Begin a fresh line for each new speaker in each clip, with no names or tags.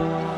多。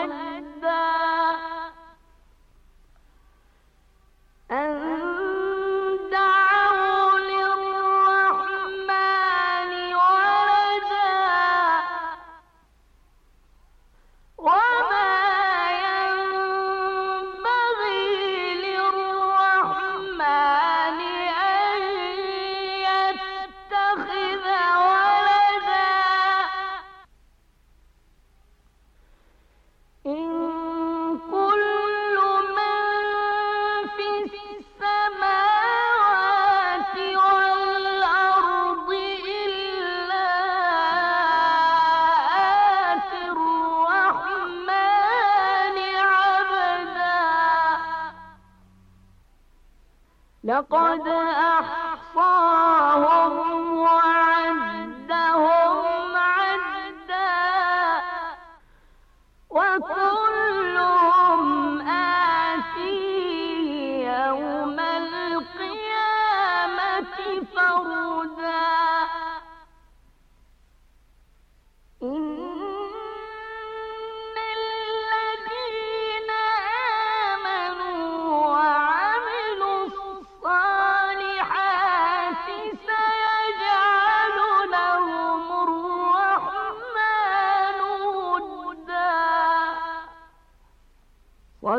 لقد أحصاهم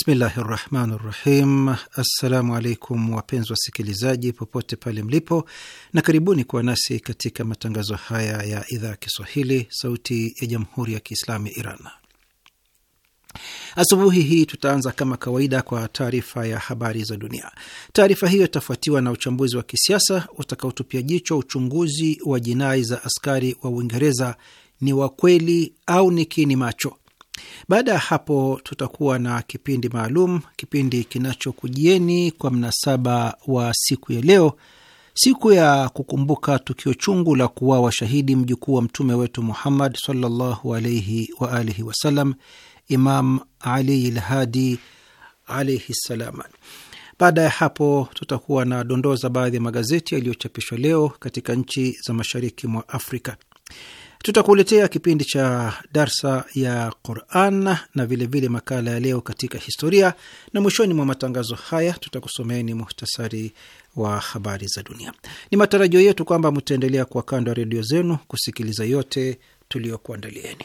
Bismillahi rahmani rahim. Assalamu alaikum wapenzi wasikilizaji popote pale mlipo, na karibuni kuwa nasi katika matangazo haya ya idhaa ya Kiswahili sauti ya jamhuri ya Kiislamu ya Iran. Asubuhi hii tutaanza kama kawaida kwa taarifa ya habari za dunia. Taarifa hiyo itafuatiwa na uchambuzi wa kisiasa utakaotupia jicho uchunguzi wa jinai za askari wa Uingereza, ni wa kweli au ni kini macho baada ya hapo tutakuwa na kipindi maalum, kipindi kinachokujieni kwa mnasaba wa siku ya leo, siku ya kukumbuka tukio chungu la kuwa shahidi mjukuu wa mtume wetu Muhammad sallallahu alaihi wa alihi wasallam, Imam Ali Lhadi alaihi ssalam. Baada ya hapo tutakuwa na dondoo za baadhi ya magazeti yaliyochapishwa leo katika nchi za mashariki mwa Afrika. Tutakuletea kipindi cha darsa ya Quran na vilevile vile makala ya leo katika historia, na mwishoni mwa matangazo haya tutakusomeeni muhtasari wa habari za dunia. Ni matarajio yetu kwamba mtaendelea kwa kando ya redio zenu kusikiliza yote tuliyokuandalieni.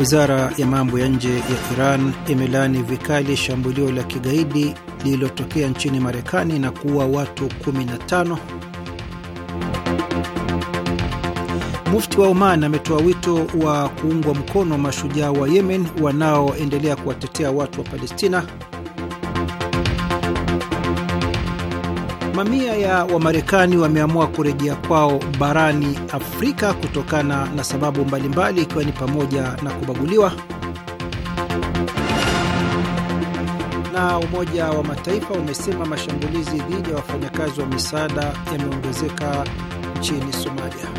Wizara ya mambo ya nje ya Iran imelaani vikali shambulio la kigaidi lililotokea nchini Marekani na kuua watu 15. Mufti wa Oman ametoa wito wa kuungwa mkono mashujaa wa Yemen wanaoendelea kuwatetea watu wa Palestina. Mamia ya Wamarekani wameamua kurejea kwao barani Afrika kutokana na sababu mbalimbali, ikiwa ni pamoja na kubaguliwa. Na Umoja wa Mataifa umesema mashambulizi dhidi ya wafanyakazi wa misaada yameongezeka nchini Somalia.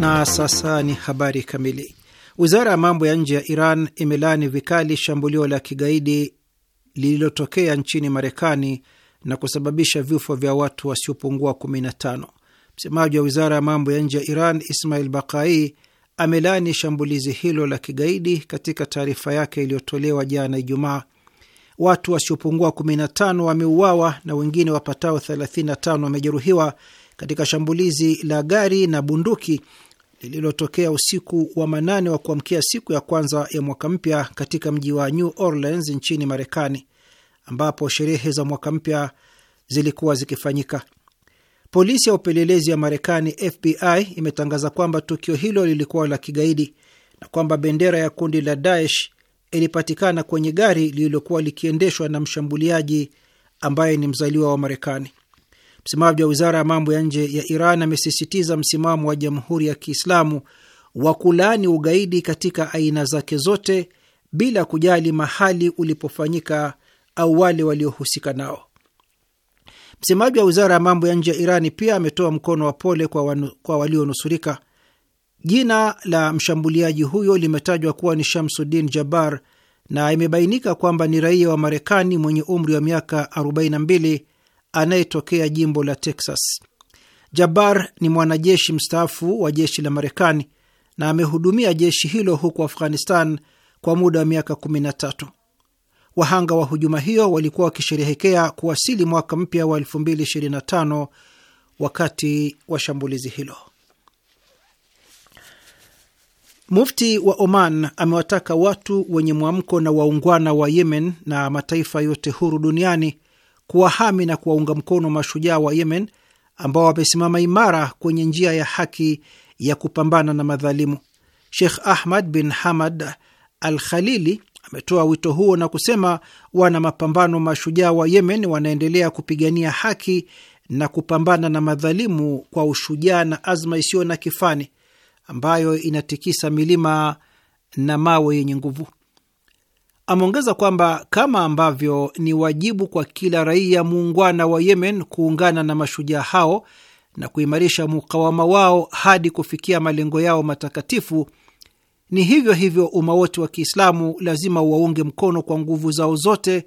Na sasa ni habari kamili. Wizara ya mambo ya nje ya Iran imelaani vikali shambulio la kigaidi lililotokea nchini Marekani na kusababisha vifo vya watu wasiopungua 15. Msemaji wa wizara ya mambo ya nje ya Iran Ismail Bakai amelaani shambulizi hilo la kigaidi katika taarifa yake iliyotolewa jana Ijumaa. Watu wasiopungua 15 wameuawa na wengine wapatao 35 wamejeruhiwa katika shambulizi la gari na bunduki lililotokea usiku wa manane wa kuamkia siku ya kwanza ya mwaka mpya katika mji wa New Orleans nchini Marekani, ambapo sherehe za mwaka mpya zilikuwa zikifanyika. Polisi ya upelelezi ya Marekani, FBI, imetangaza kwamba tukio hilo lilikuwa la kigaidi na kwamba bendera ya kundi la Daesh ilipatikana kwenye gari lililokuwa likiendeshwa na mshambuliaji ambaye ni mzaliwa wa Marekani. Msemaji wa wizara ya mambo ya nje ya Iran amesisitiza msimamo wa Jamhuri ya Kiislamu wa kulaani ugaidi katika aina zake zote bila kujali mahali ulipofanyika au wale waliohusika nao. Msemaji wa wizara ya mambo ya nje ya iran pia ametoa mkono wa pole kwa, kwa walionusurika. Jina la mshambuliaji huyo limetajwa kuwa ni Shamsuddin Jabbar na imebainika kwamba ni raia wa Marekani mwenye umri wa miaka 42 anayetokea jimbo la Texas. Jabbar ni mwanajeshi mstaafu wa jeshi la Marekani na amehudumia jeshi hilo huko Afghanistan kwa muda wa miaka 13. Wahanga wa hujuma hiyo walikuwa wakisherehekea kuwasili mwaka mpya wa 2025 wakati wa shambulizi hilo. Mufti wa Oman amewataka watu wenye mwamko na waungwana wa Yemen na mataifa yote huru duniani kuwahami na kuwaunga mkono mashujaa wa Yemen ambao wamesimama imara kwenye njia ya haki ya kupambana na madhalimu. Sheikh Ahmad bin Hamad Al Khalili ametoa wito huo na kusema wana mapambano mashujaa wa Yemen wanaendelea kupigania haki na kupambana na madhalimu kwa ushujaa na azma isiyo na kifani ambayo inatikisa milima na mawe yenye nguvu. Ameongeza kwamba kama ambavyo ni wajibu kwa kila raia muungwana wa Yemen kuungana na mashujaa hao na kuimarisha mukawama wao hadi kufikia malengo yao matakatifu, ni hivyo hivyo umma wote wa Kiislamu lazima waunge mkono kwa nguvu zao zote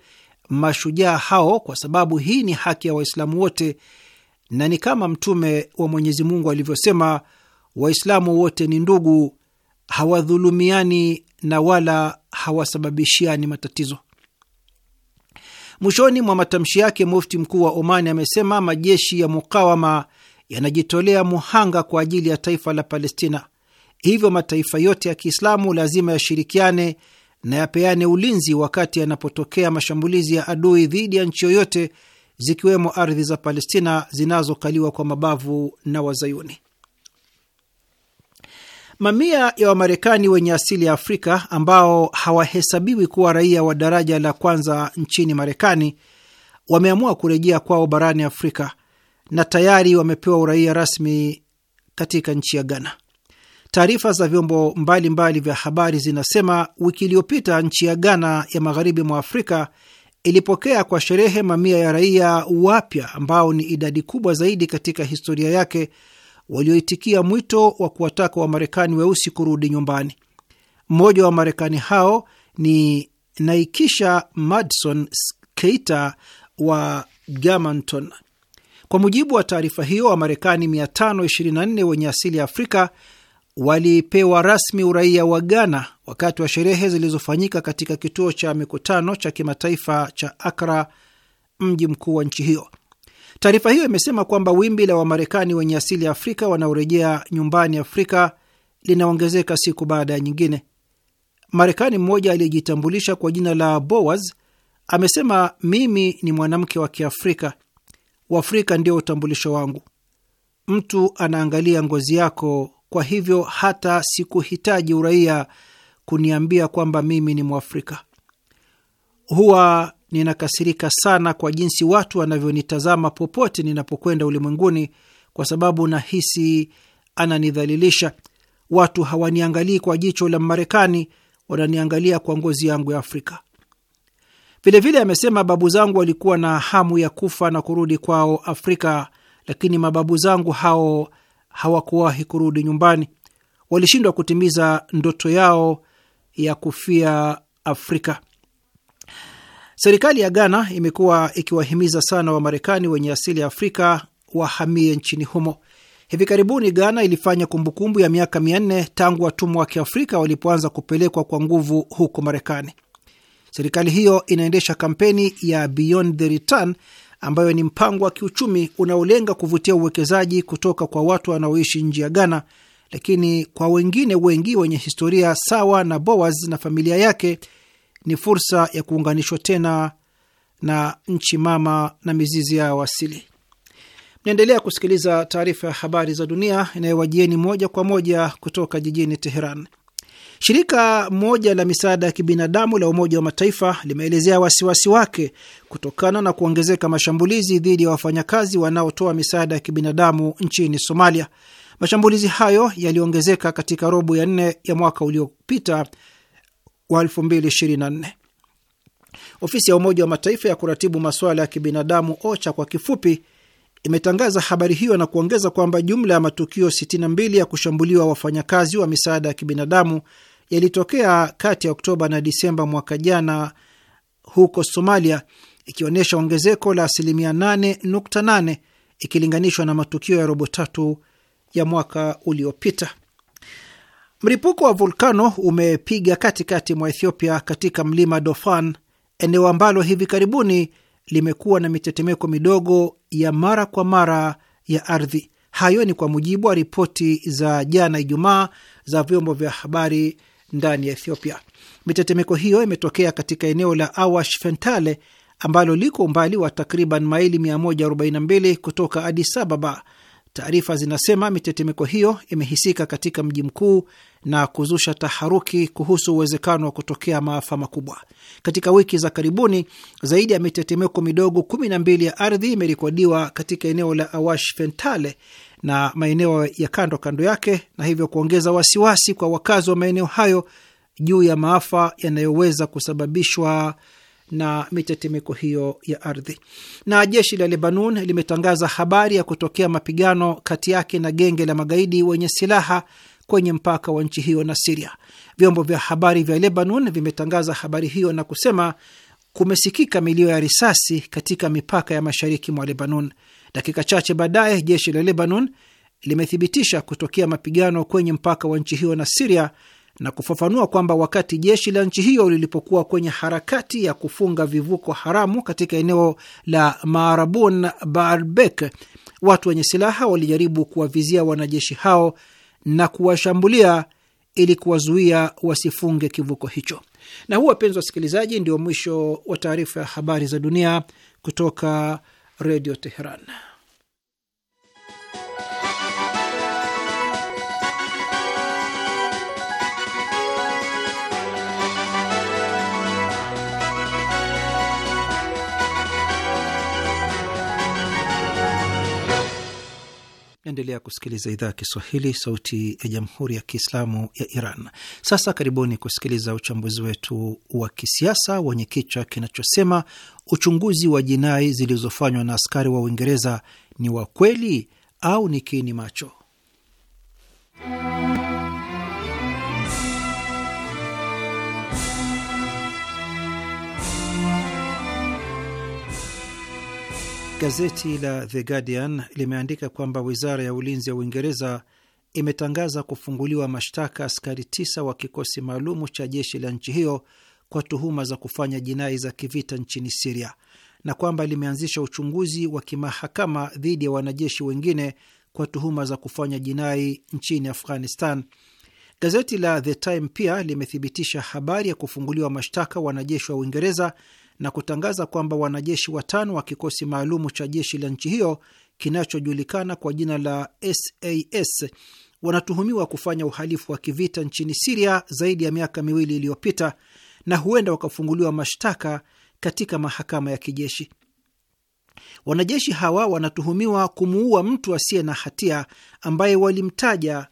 mashujaa hao, kwa sababu hii ni haki ya Waislamu wote na ni kama Mtume wa Mwenyezi Mungu alivyosema, Waislamu wote ni ndugu, hawadhulumiani na wala hawasababishiani matatizo. Mwishoni mwa matamshi yake, mufti mkuu wa Omani amesema majeshi ya mukawama yanajitolea muhanga kwa ajili ya taifa la Palestina, hivyo mataifa yote ya Kiislamu lazima yashirikiane na yapeane ulinzi wakati yanapotokea mashambulizi ya adui dhidi ya nchi yoyote, zikiwemo ardhi za Palestina zinazokaliwa kwa mabavu na Wazayuni. Mamia ya Wamarekani wenye asili ya Afrika ambao hawahesabiwi kuwa raia wa daraja la kwanza nchini Marekani wameamua kurejea kwao barani Afrika na tayari wamepewa uraia rasmi katika nchi ya Ghana. Taarifa za vyombo mbalimbali mbali vya habari zinasema wiki iliyopita nchi ya Ghana ya magharibi mwa Afrika ilipokea kwa sherehe mamia ya raia wapya ambao ni idadi kubwa zaidi katika historia yake walioitikia mwito wa kuwataka Wamarekani weusi kurudi nyumbani. Mmoja wa Marekani hao ni Naikisha madson Keita wa Germantown. Kwa mujibu wa taarifa hiyo, Wamarekani 524 wenye asili ya Afrika walipewa rasmi uraia wa Ghana wakati wa sherehe zilizofanyika katika kituo cha mikutano cha kimataifa cha Akra, mji mkuu wa nchi hiyo. Taarifa hiyo imesema kwamba wimbi la Wamarekani wenye asili ya Afrika wanaorejea nyumbani Afrika linaongezeka siku baada ya nyingine. Marekani mmoja aliyejitambulisha kwa jina la Boaz amesema, mimi ni mwanamke wa Kiafrika, Waafrika ndio utambulisho wangu. Mtu anaangalia ngozi yako, kwa hivyo hata sikuhitaji uraia kuniambia kwamba mimi ni Mwafrika. Huwa ninakasirika sana kwa jinsi watu wanavyonitazama popote ninapokwenda ulimwenguni, kwa sababu nahisi ananidhalilisha. Watu hawaniangalii kwa jicho la Marekani, wananiangalia kwa ngozi yangu ya Afrika. Vilevile amesema babu zangu walikuwa na hamu ya kufa na kurudi kwao Afrika, lakini mababu zangu hao hawakuwahi kurudi nyumbani, walishindwa kutimiza ndoto yao ya kufia Afrika. Serikali ya Ghana imekuwa ikiwahimiza sana Wamarekani wenye asili ya Afrika wahamie nchini humo. Hivi karibuni Ghana ilifanya kumbukumbu ya miaka mia nne tangu watumwa wa Kiafrika walipoanza kupelekwa kwa nguvu huko Marekani. Serikali hiyo inaendesha kampeni ya Beyond the Return ambayo ni mpango wa kiuchumi unaolenga kuvutia uwekezaji kutoka kwa watu wanaoishi nje ya Ghana, lakini kwa wengine wengi wenye historia sawa na Boas na familia yake ni fursa ya kuunganishwa tena na nchi mama na mizizi yao asili. Mnaendelea kusikiliza taarifa ya habari za dunia inayowajieni moja kwa moja kutoka jijini Teheran. Shirika moja la misaada ya kibinadamu la Umoja wa Mataifa limeelezea wasiwasi wake kutokana na kuongezeka mashambulizi dhidi ya wafanyakazi wanaotoa misaada ya kibinadamu nchini Somalia. Mashambulizi hayo yaliongezeka katika robo ya nne ya mwaka uliopita wa 2024. Ofisi ya Umoja wa Mataifa ya kuratibu masuala ya kibinadamu OCHA kwa kifupi imetangaza habari hiyo na kuongeza kwamba jumla ya matukio 62 ya kushambuliwa wafanyakazi wa misaada ya kibinadamu yalitokea kati ya Oktoba na Disemba mwaka jana huko Somalia, ikionyesha ongezeko la asilimia 8.8 ikilinganishwa na matukio ya robo tatu ya mwaka uliopita. Mlipuko wa volkano umepiga katikati mwa Ethiopia katika mlima Dofan, eneo ambalo hivi karibuni limekuwa na mitetemeko midogo ya mara kwa mara ya ardhi. Hayo ni kwa mujibu wa ripoti za jana Ijumaa za vyombo vya habari ndani ya Ethiopia. Mitetemeko hiyo imetokea katika eneo la Awash Fentale ambalo liko umbali wa takriban maili 142 kutoka Adis Ababa Taarifa zinasema mitetemeko hiyo imehisika katika mji mkuu na kuzusha taharuki kuhusu uwezekano wa kutokea maafa makubwa. Katika wiki za karibuni, zaidi ya mitetemeko midogo kumi na mbili ya ardhi imerekodiwa katika eneo la Awash Fentale na maeneo ya kando kando yake, na hivyo kuongeza wasiwasi kwa wakazi wa maeneo hayo juu ya maafa yanayoweza kusababishwa na mitetemeko hiyo ya ardhi. Na jeshi la Lebanon limetangaza habari ya kutokea mapigano kati yake na genge la magaidi wenye silaha kwenye mpaka wa nchi hiyo na Siria. Vyombo vya habari vya Lebanon vimetangaza habari hiyo na kusema kumesikika milio ya risasi katika mipaka ya mashariki mwa Lebanon. Dakika chache baadaye jeshi la Lebanon limethibitisha kutokea mapigano kwenye mpaka wa nchi hiyo na Siria na kufafanua kwamba wakati jeshi la nchi hiyo lilipokuwa kwenye harakati ya kufunga vivuko haramu katika eneo la Maarabun Barbek, watu wenye silaha walijaribu kuwavizia wanajeshi hao na kuwashambulia ili kuwazuia wasifunge kivuko hicho. Na huu, wapenzi wasikilizaji, ndio mwisho wa taarifa ya habari za dunia kutoka Redio Teheran. Naendelea kusikiliza idhaa ya Kiswahili, sauti ya jamhuri ya kiislamu ya Iran. Sasa karibuni kusikiliza uchambuzi wetu wa kisiasa wenye kichwa kinachosema uchunguzi wa jinai zilizofanywa na askari wa Uingereza ni wa kweli au ni kiini macho? Gazeti la The Guardian limeandika kwamba wizara ya ulinzi ya Uingereza imetangaza kufunguliwa mashtaka askari tisa wa kikosi maalumu cha jeshi la nchi hiyo kwa tuhuma za kufanya jinai za kivita nchini Siria na kwamba limeanzisha uchunguzi wa kimahakama dhidi ya wanajeshi wengine kwa tuhuma za kufanya jinai nchini Afghanistan. Gazeti la The Time pia limethibitisha habari ya kufunguliwa mashtaka wanajeshi wa Uingereza na kutangaza kwamba wanajeshi watano wa kikosi maalumu cha jeshi la nchi hiyo kinachojulikana kwa jina la SAS wanatuhumiwa kufanya uhalifu wa kivita nchini Siria zaidi ya miaka miwili iliyopita na huenda wakafunguliwa mashtaka katika mahakama ya kijeshi. Wanajeshi hawa wanatuhumiwa kumuua mtu asiye na hatia ambaye walimtaja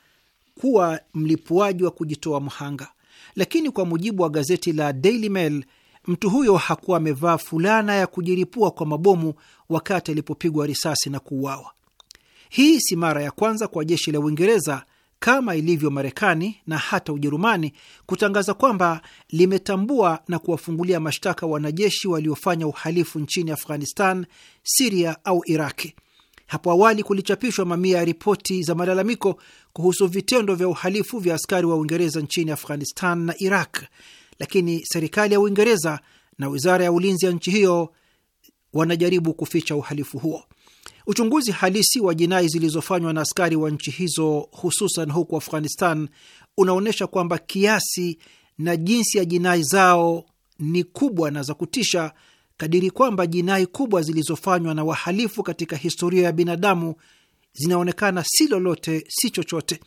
kuwa mlipuaji wa kujitoa mhanga, lakini kwa mujibu wa gazeti la Daily Mail Mtu huyo hakuwa amevaa fulana ya kujiripua kwa mabomu wakati alipopigwa risasi na kuuawa. Hii si mara ya kwanza kwa jeshi la Uingereza kama ilivyo Marekani na hata Ujerumani kutangaza kwamba limetambua na kuwafungulia mashtaka wanajeshi waliofanya uhalifu nchini Afghanistan, Siria au Iraki. Hapo awali kulichapishwa mamia ya ripoti za malalamiko kuhusu vitendo vya uhalifu vya askari wa Uingereza nchini Afghanistan na Iraq lakini serikali ya Uingereza na wizara ya ulinzi ya nchi hiyo wanajaribu kuficha uhalifu huo. Uchunguzi halisi wa jinai zilizofanywa na askari wa nchi hizo, hususan huku Afghanistan, unaonyesha kwamba kiasi na jinsi ya jinai zao ni kubwa na za kutisha kadiri kwamba jinai kubwa zilizofanywa na wahalifu katika historia ya binadamu zinaonekana si lolote, si chochote.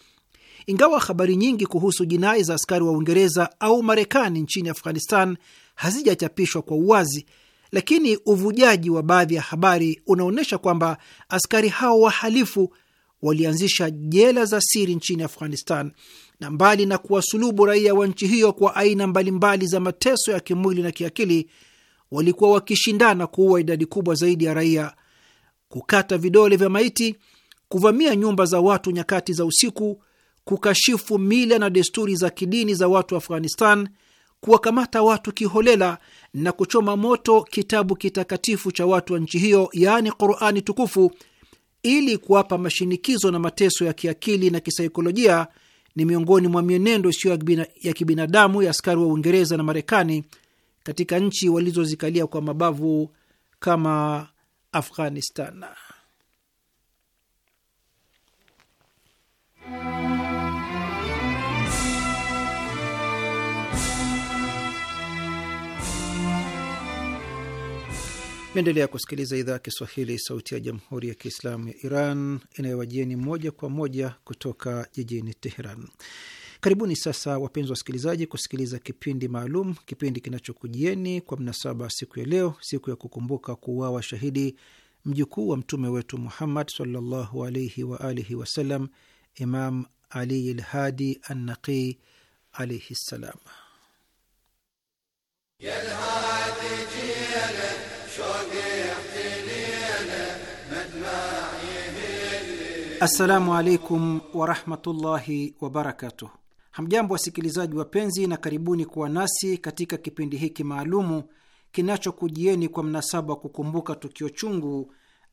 Ingawa habari nyingi kuhusu jinai za askari wa Uingereza au Marekani nchini Afghanistan hazijachapishwa kwa uwazi, lakini uvujaji wa baadhi ya habari unaonyesha kwamba askari hao wahalifu walianzisha jela za siri nchini Afghanistan, na mbali na kuwasulubu raia wa nchi hiyo kwa aina mbalimbali za mateso ya kimwili na kiakili, walikuwa wakishindana kuua idadi kubwa zaidi ya raia, kukata vidole vya maiti, kuvamia nyumba za watu nyakati za usiku kukashifu mila na desturi za kidini za watu wa Afghanistan, kuwakamata watu kiholela na kuchoma moto kitabu kitakatifu cha watu wa nchi hiyo, yaani Qurani tukufu ili kuwapa mashinikizo na mateso ya kiakili na kisaikolojia ni miongoni mwa mienendo isiyo ya kibinadamu ya askari wa Uingereza na Marekani katika nchi walizozikalia kwa mabavu kama Afghanistan. Naendelea kusikiliza idhaa ya Kiswahili, sauti ya jamhuri ya kiislamu ya Iran inayowajieni moja kwa moja kutoka jijini Teheran. Karibuni sasa wapenzi wasikilizaji, kusikiliza kipindi maalum, kipindi kinachokujieni kwa mnasaba siku ya leo, siku ya kukumbuka kuuawa shahidi mjukuu wa mtume wetu Muhammad sallallahu alaihi wa alihi wasallam, Imam Ali Lhadi Annaqi alaihi ssalam. Assalamu alaikum warahmatullahi wabarakatuh. Hamjambo wasikilizaji wapenzi, na karibuni kuwa nasi katika kipindi hiki maalumu kinachokujieni kwa mnasaba wa kukumbuka tukio chungu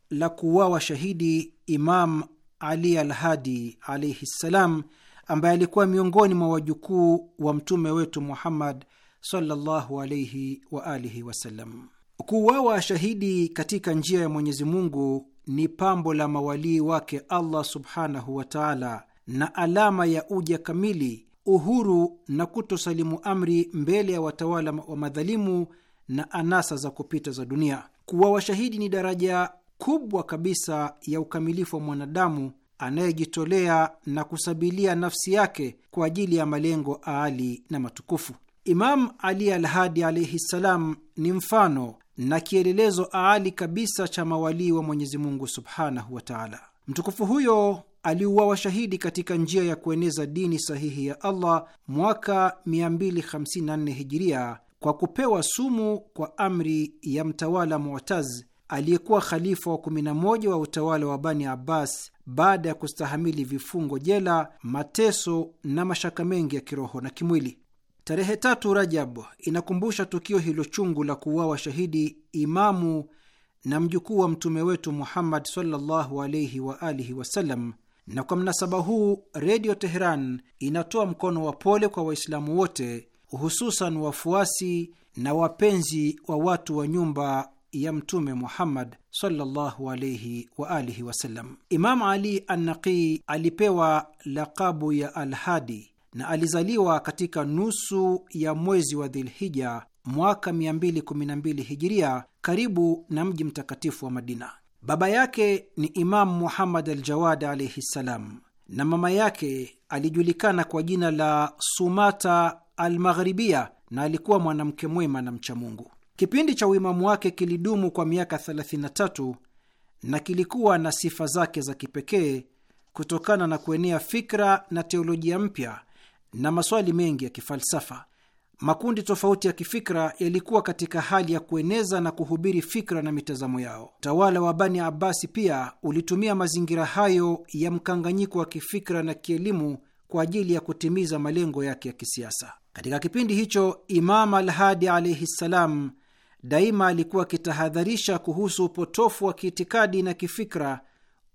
la kuuawa shahidi Imam Ali Alhadi alaihi ssalam, ambaye alikuwa miongoni mwa wajukuu wa mtume wetu Muhammad sallallahu alaihi waalihi wasallam. Kuuawa shahidi katika njia ya Mwenyezi Mungu ni pambo la mawalii wake Allah subhanahu wa taala, na alama ya uja kamili, uhuru na kutosalimu amri mbele ya watawala wa madhalimu na anasa za kupita za dunia. Kuwa washahidi ni daraja kubwa kabisa ya ukamilifu wa mwanadamu anayejitolea na kusabilia nafsi yake kwa ajili ya malengo aali na matukufu. Imam Ali Alhadi alaihi ssalam ni mfano na kielelezo aali kabisa cha mawalii wa Mwenyezi Mungu subhanahu wa taala. Mtukufu huyo aliuawa shahidi katika njia ya kueneza dini sahihi ya Allah mwaka 254 hijiria kwa kupewa sumu kwa amri ya mtawala Mu'taz aliyekuwa khalifa wa 11 wa utawala wa Bani Abbas baada ya kustahamili vifungo jela, mateso na mashaka mengi ya kiroho na kimwili. Tarehe tatu Rajab inakumbusha tukio hilo chungu la kuuawa shahidi imamu na mjukuu wa mtume wetu Muhammad sallallahu alaihi wa alihi wasallam, na kwa mnasaba huu Redio Teheran inatoa mkono wa pole kwa Waislamu wote hususan wafuasi na wapenzi wa watu wa nyumba ya Mtume Muhammad sallallahu alaihi wa alihi wasallam. Imamu Ali Annaqi alipewa lakabu ya Alhadi na alizaliwa katika nusu ya mwezi wa Dhilhija mwaka 212 hijiria karibu na mji mtakatifu wa Madina. Baba yake ni Imamu Muhammad al Jawad alaihi ssalam, na mama yake alijulikana kwa jina la Sumata al Magharibia, na alikuwa mwanamke mwema na mchamungu. Kipindi cha uimamu wake kilidumu kwa miaka 33 na kilikuwa na sifa zake za kipekee kutokana na kuenea fikra na teolojia mpya na maswali mengi ya kifalsafa. Makundi tofauti ya kifikra yalikuwa katika hali ya kueneza na kuhubiri fikra na mitazamo yao. Utawala wa Bani Abbasi pia ulitumia mazingira hayo ya mkanganyiko wa kifikra na kielimu kwa ajili ya kutimiza malengo yake ya kisiasa. Katika kipindi hicho, Imam Alhadi alaihi ssalam daima alikuwa akitahadharisha kuhusu upotofu wa kiitikadi na kifikra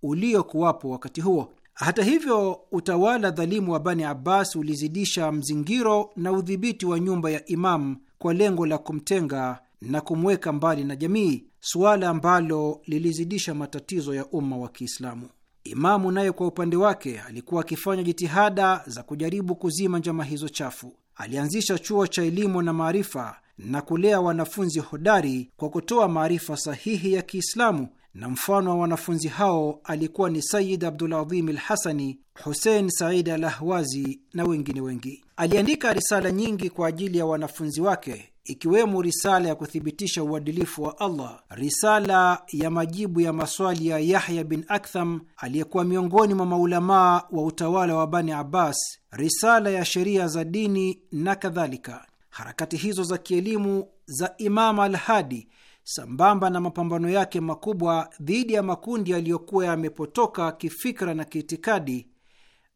uliokuwapo wakati huo. Hata hivyo, utawala dhalimu wa Bani Abbas ulizidisha mzingiro na udhibiti wa nyumba ya Imamu kwa lengo la kumtenga na kumweka mbali na jamii, suala ambalo lilizidisha matatizo ya umma wa Kiislamu. Imamu naye kwa upande wake alikuwa akifanya jitihada za kujaribu kuzima njama hizo chafu. Alianzisha chuo cha elimu na maarifa na kulea wanafunzi hodari kwa kutoa maarifa sahihi ya Kiislamu na mfano wa wanafunzi hao alikuwa ni Sayid Abdulazim al Hasani, Husein Said al Ahwazi na wengine wengi. Aliandika risala nyingi kwa ajili ya wanafunzi wake ikiwemo risala ya kuthibitisha uadilifu wa Allah, risala ya majibu ya maswali ya Yahya bin Aktham aliyekuwa miongoni mwa maulamaa wa utawala wa Bani Abbas, risala ya sheria za dini na kadhalika. Harakati hizo za kielimu za Imam Alhadi sambamba na mapambano yake makubwa dhidi ya makundi yaliyokuwa yamepotoka kifikra na kiitikadi,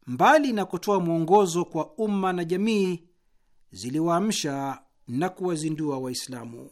mbali na kutoa mwongozo kwa umma na jamii, ziliwaamsha na kuwazindua Waislamu.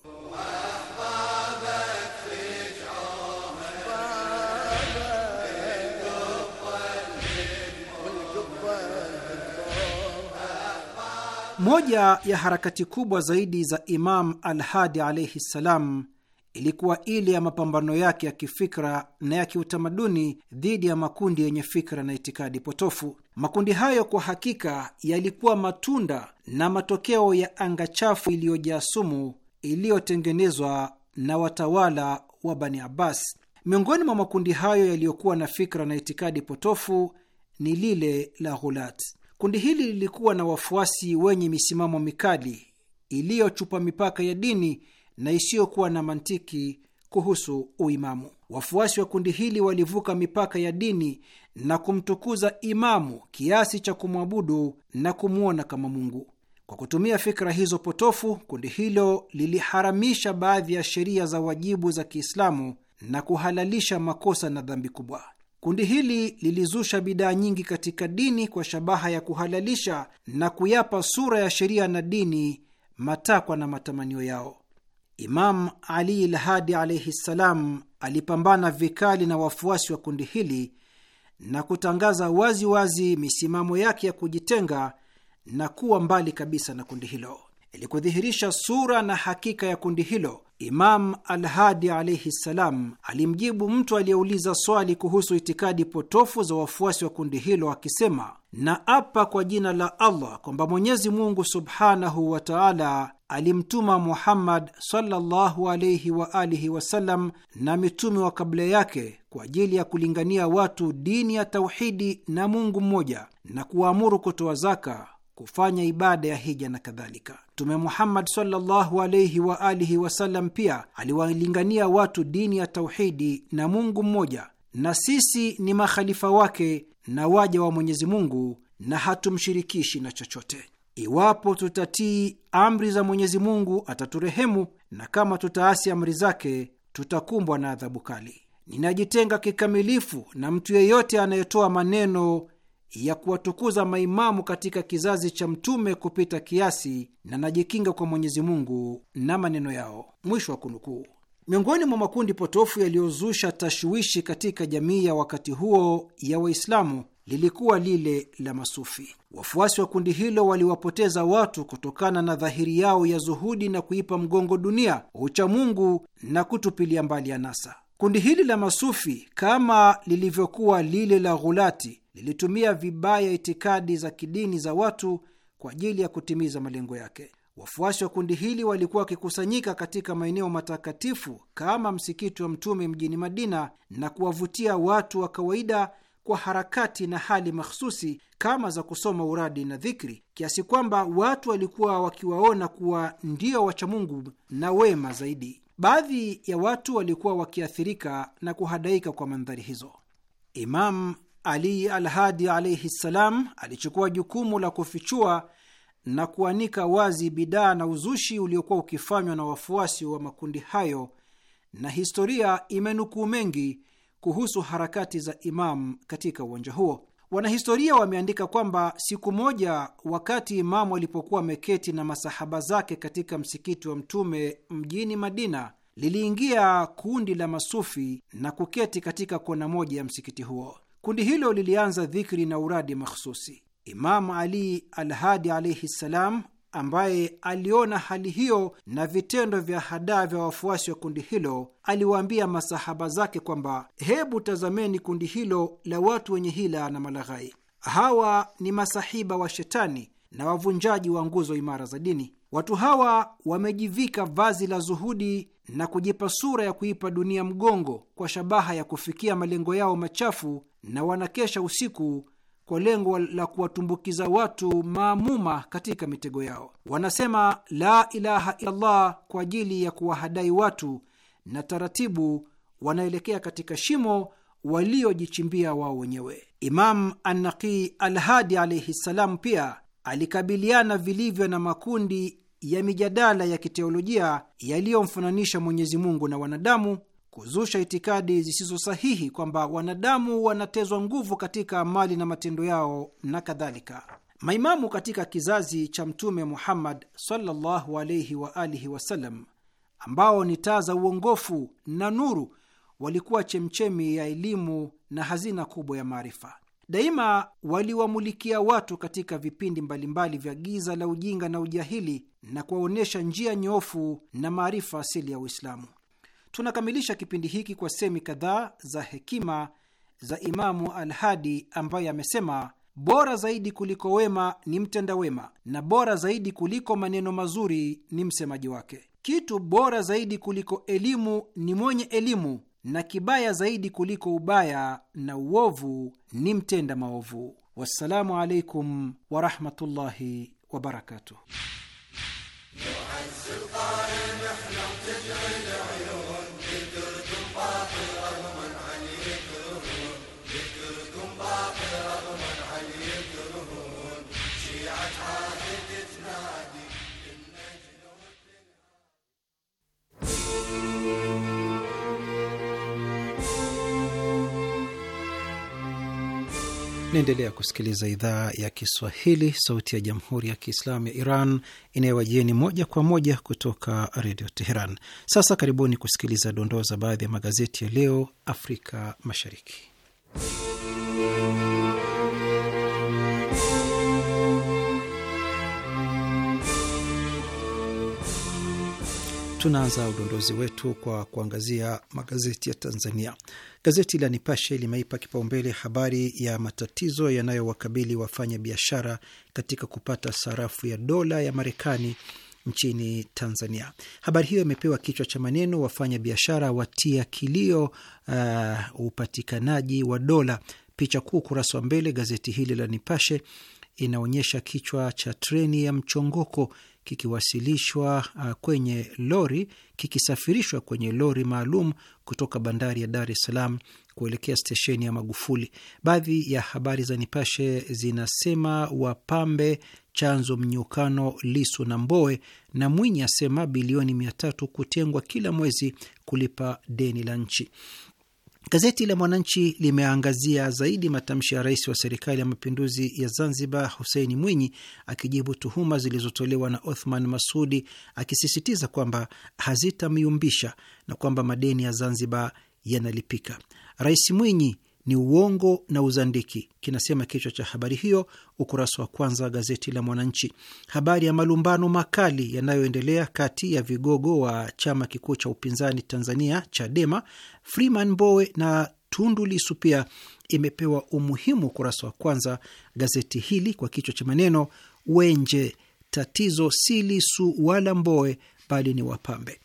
Moja ya harakati kubwa zaidi za Imam Alhadi alaihi ssalam ilikuwa ile ya mapambano yake ya kifikra na ya kiutamaduni dhidi ya makundi yenye fikra na itikadi potofu. Makundi hayo kwa hakika yalikuwa matunda na matokeo ya anga chafu iliyojaa sumu iliyotengenezwa na watawala wa Bani Abbas. Miongoni mwa makundi hayo yaliyokuwa na fikra na itikadi potofu ni lile la Ghulat. Kundi hili lilikuwa na wafuasi wenye misimamo mikali iliyochupa mipaka ya dini na isiyokuwa na mantiki kuhusu uimamu. Wafuasi wa kundi hili walivuka mipaka ya dini na kumtukuza imamu kiasi cha kumwabudu na kumwona kama Mungu. Kwa kutumia fikra hizo potofu, kundi hilo liliharamisha baadhi ya sheria za wajibu za Kiislamu na kuhalalisha makosa na dhambi kubwa. Kundi hili lilizusha bidaa nyingi katika dini kwa shabaha ya kuhalalisha na kuyapa sura ya sheria na dini matakwa na matamanio yao. Imam Ali Lhadi alaihi ssalam alipambana vikali na wafuasi wa kundi hili na kutangaza wazi wazi misimamo yake ya kujitenga na kuwa mbali kabisa na kundi hilo. Ili kudhihirisha sura na hakika ya kundi hilo, Imam Alhadi alaihi ssalam alimjibu mtu aliyeuliza swali kuhusu itikadi potofu za wafuasi wa kundi hilo akisema, na apa kwa jina la Allah kwamba Mwenyezi Mungu subhanahu wa taala alimtuma Muhammad sallallahu wa alihi wasallam na mitume wa kabla yake kwa ajili ya kulingania watu dini ya tauhidi na Mungu mmoja na kuwaamuru kutoa zaka, kufanya ibada ya hija na kadhalika. Mtume Muhammad sallallahu wa alihi wasallam pia aliwalingania watu dini ya tauhidi na Mungu mmoja, na sisi ni makhalifa wake na waja wa Mwenyezi Mungu na hatumshirikishi na chochote. Iwapo tutatii amri za Mwenyezi Mungu ataturehemu, na kama tutaasi amri zake tutakumbwa na adhabu kali. Ninajitenga kikamilifu na mtu yeyote anayetoa maneno ya kuwatukuza maimamu katika kizazi cha Mtume kupita kiasi, na najikinga kwa Mwenyezi Mungu na maneno yao. Mwisho wa kunukuu. Miongoni mwa makundi potofu yaliyozusha tashwishi katika jamii ya wakati huo ya Waislamu lilikuwa lile la masufi. Wafuasi wa kundi hilo waliwapoteza watu kutokana na dhahiri yao ya zuhudi na kuipa mgongo dunia, uchamungu na kutupilia mbali anasa. Kundi hili la masufi kama lilivyokuwa lile la ghulati lilitumia vibaya itikadi za kidini za watu kwa ajili ya kutimiza malengo yake. Wafuasi wa kundi hili walikuwa wakikusanyika katika maeneo matakatifu kama msikiti wa Mtume mjini Madina na kuwavutia watu wa kawaida kwa harakati na hali mahsusi kama za kusoma uradi na dhikri, kiasi kwamba watu walikuwa wakiwaona kuwa ndio wachamungu na wema zaidi. Baadhi ya watu walikuwa wakiathirika na kuhadaika kwa mandhari hizo. Imam Ali Alhadi alaihi ssalam alichukua jukumu la kufichua na kuanika wazi bidaa na uzushi uliokuwa ukifanywa na wafuasi wa makundi hayo, na historia imenukuu mengi kuhusu harakati za Imam katika uwanja huo. Wanahistoria wameandika kwamba siku moja, wakati Imamu alipokuwa ameketi na masahaba zake katika msikiti wa Mtume mjini Madina, liliingia kundi la masufi na kuketi katika kona moja ya msikiti huo. Kundi hilo lilianza dhikri na uradi makhususi. Imamu Ali Alhadi alaihi ssalam ambaye aliona hali hiyo na vitendo vya hadaa vya wafuasi wa kundi hilo, aliwaambia masahaba zake kwamba hebu tazameni kundi hilo la watu wenye hila na malaghai. Hawa ni masahiba wa Shetani na wavunjaji wa nguzo imara za dini. Watu hawa wamejivika vazi la zuhudi na kujipa sura ya kuipa dunia mgongo kwa shabaha ya kufikia malengo yao machafu, na wanakesha usiku kwa lengo la kuwatumbukiza watu maamuma katika mitego yao. Wanasema la ilaha illallah kwa ajili ya kuwahadai watu, na taratibu wanaelekea katika shimo waliojichimbia wao wenyewe. Imam Annaqi Alhadi alaihi ssalam pia alikabiliana vilivyo na makundi ya mijadala ya kiteolojia yaliyomfananisha Mwenyezi Mungu na wanadamu kuzusha itikadi zisizo sahihi kwamba wanadamu wanatezwa nguvu katika mali na matendo yao na kadhalika. Maimamu katika kizazi cha Mtume Muhammad sallallahu wa alihi wasallam, ambao ni taa za uongofu na nuru, walikuwa chemchemi ya elimu na hazina kubwa ya maarifa. Daima waliwamulikia watu katika vipindi mbalimbali vya giza la ujinga na ujahili na kuwaonyesha njia nyofu na maarifa asili ya Uislamu. Tunakamilisha kipindi hiki kwa semi kadhaa za hekima za Imamu Alhadi ambaye amesema, bora zaidi kuliko wema ni mtenda wema, na bora zaidi kuliko maneno mazuri ni msemaji wake. Kitu bora zaidi kuliko elimu ni mwenye elimu, na kibaya zaidi kuliko ubaya na uovu ni mtenda maovu. Wassalamu alaikum warahmatullahi wabarakatuh. Naendelea kusikiliza idhaa ya Kiswahili, sauti ya jamhuri ya kiislamu ya Iran inayowajieni moja kwa moja kutoka redio Teheran. Sasa karibuni kusikiliza dondoo za baadhi ya magazeti ya leo Afrika Mashariki. Tunaanza udondozi wetu kwa kuangazia magazeti ya Tanzania. Gazeti la Nipashe limeipa kipaumbele habari ya matatizo yanayowakabili wafanya biashara katika kupata sarafu ya dola ya Marekani nchini Tanzania. Habari hiyo imepewa kichwa cha maneno, wafanya biashara watia kilio uh, upatikanaji wa dola. Picha kuu ukurasa wa mbele gazeti hili la Nipashe inaonyesha kichwa cha treni ya mchongoko kikiwasilishwa uh, kwenye lori, kikisafirishwa kwenye lori maalum kutoka bandari ya Dar es Salaam kuelekea stesheni ya Magufuli. Baadhi ya habari za Nipashe zinasema wapambe chanzo mnyukano Lisu na Mbowe, na Mwinyi asema bilioni mia tatu kutengwa kila mwezi kulipa deni la nchi. Gazeti la Mwananchi limeangazia zaidi matamshi ya rais wa serikali ya mapinduzi ya Zanzibar, Huseini Mwinyi, akijibu tuhuma zilizotolewa na Othman Masudi, akisisitiza kwamba hazitamyumbisha na kwamba madeni ya Zanzibar yanalipika. Rais Mwinyi ni uongo na uzandiki, kinasema kichwa cha habari hiyo, ukurasa wa kwanza gazeti la Mwananchi. Habari ya malumbano makali yanayoendelea kati ya vigogo wa chama kikuu cha upinzani Tanzania, Chadema, Freeman Mbowe na Tundu Lissu pia imepewa umuhimu ukurasa wa kwanza gazeti hili kwa kichwa cha maneno, Wenje, tatizo si Lissu wala Mbowe, bali ni wapambe.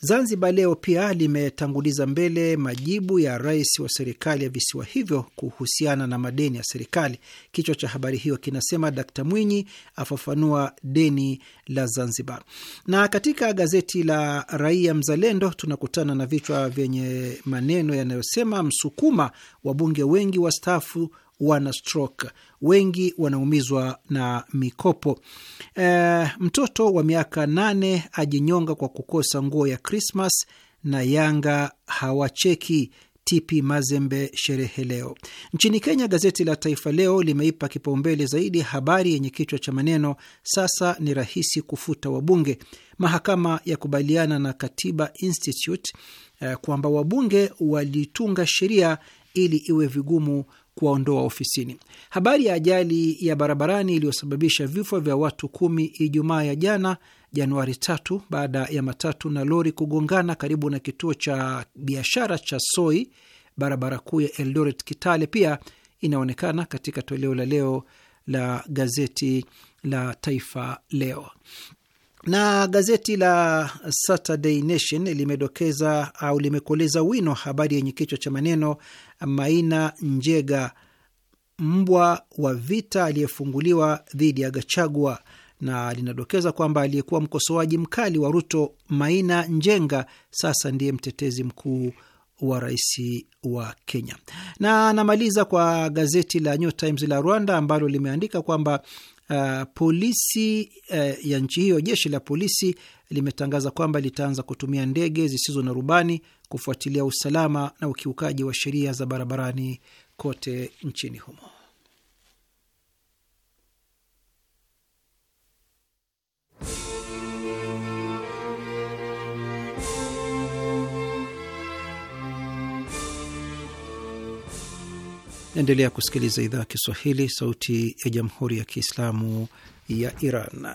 Zanzibar Leo pia limetanguliza mbele majibu ya rais wa serikali ya visiwa hivyo kuhusiana na madeni ya serikali. Kichwa cha habari hiyo kinasema Dkt Mwinyi afafanua deni la Zanzibar. Na katika gazeti la Raia Mzalendo tunakutana na vichwa vyenye maneno yanayosema msukuma wabunge wengi wastaafu wana stroke, wengi wanaumizwa na mikopo. E, mtoto wa miaka nane ajinyonga kwa kukosa nguo ya Krismas na Yanga hawacheki Tipi Mazembe sherehe leo. Nchini Kenya, gazeti la Taifa Leo limeipa kipaumbele zaidi habari yenye kichwa cha maneno, sasa ni rahisi kufuta wabunge, mahakama ya kubaliana na Katiba Institute eh, kwamba wabunge walitunga sheria ili iwe vigumu kuwaondoa ofisini. Habari ya ajali ya barabarani iliyosababisha vifo vya watu kumi Ijumaa ya jana Januari tatu, baada ya matatu na lori kugongana karibu na kituo cha biashara cha Soi, barabara kuu ya Eldoret Kitale, pia inaonekana katika toleo la leo la gazeti la Taifa Leo. Na gazeti la Saturday Nation limedokeza au limekoleza wino habari yenye kichwa cha maneno Maina Njega, mbwa wa vita aliyefunguliwa dhidi ya Gachagua, na linadokeza kwamba aliyekuwa mkosoaji mkali wa Ruto Maina Njenga sasa ndiye mtetezi mkuu wa rais wa Kenya. Na anamaliza kwa gazeti la New Times la Rwanda ambalo limeandika kwamba Uh, polisi uh, ya nchi hiyo, jeshi la polisi limetangaza kwamba litaanza kutumia ndege zisizo na rubani kufuatilia usalama na ukiukaji wa sheria za barabarani kote nchini humo. Naendelea kusikiliza idhaa ya Kiswahili, sauti ya jamhuri ya kiislamu ya Iran.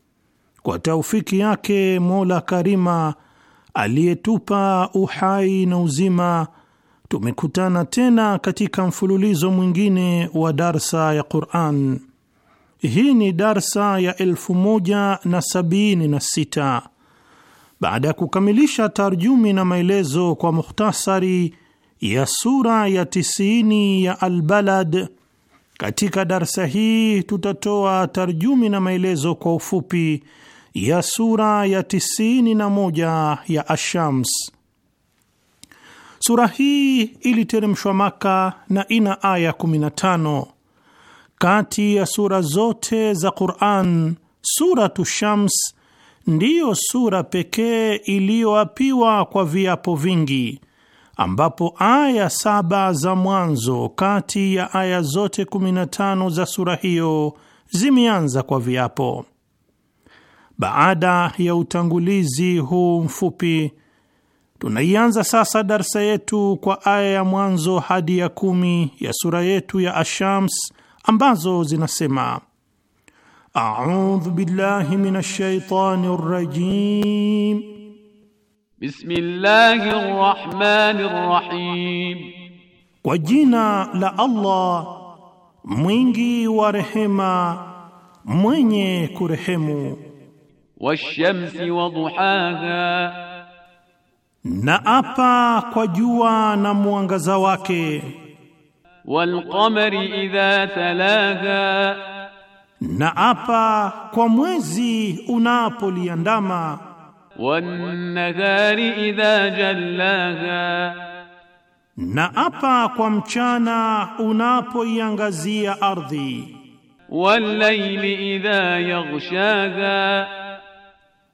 kwa taufiki yake Mola Karima aliyetupa uhai na uzima, tumekutana tena katika mfululizo mwingine wa darsa ya Quran. Hii ni darsa ya elfu moja na sabini na sita baada ya kukamilisha tarjumi na maelezo kwa mukhtasari ya sura ya tisini ya Albalad. Katika darsa hii tutatoa tarjumi na maelezo kwa ufupi ya sura ya tisini na moja ya Ashams. Sura hii iliteremshwa Maka na ina aya 15. Kati ya sura zote za Quran, Suratu Shams ndiyo sura pekee iliyoapiwa kwa viapo vingi, ambapo aya saba za mwanzo kati ya aya zote 15 za sura hiyo zimeanza kwa viapo. Baada ya utangulizi huu mfupi, tunaianza sasa darsa yetu kwa aya ya mwanzo hadi ya kumi ya sura yetu ya Ashams ambazo zinasema: audhu billahi minash shaitani rrajim, rahim, kwa jina la Allah mwingi wa rehema mwenye kurehemu
washamsi waduhaha,
na apa kwa jua na mwangaza wake.
Walqamari idha talaha,
na apa kwa mwezi unapoliandama. Wannahari idha jallaha, na apa kwa mchana unapoiangazia ardhi. Wallayli idha
yaghshaha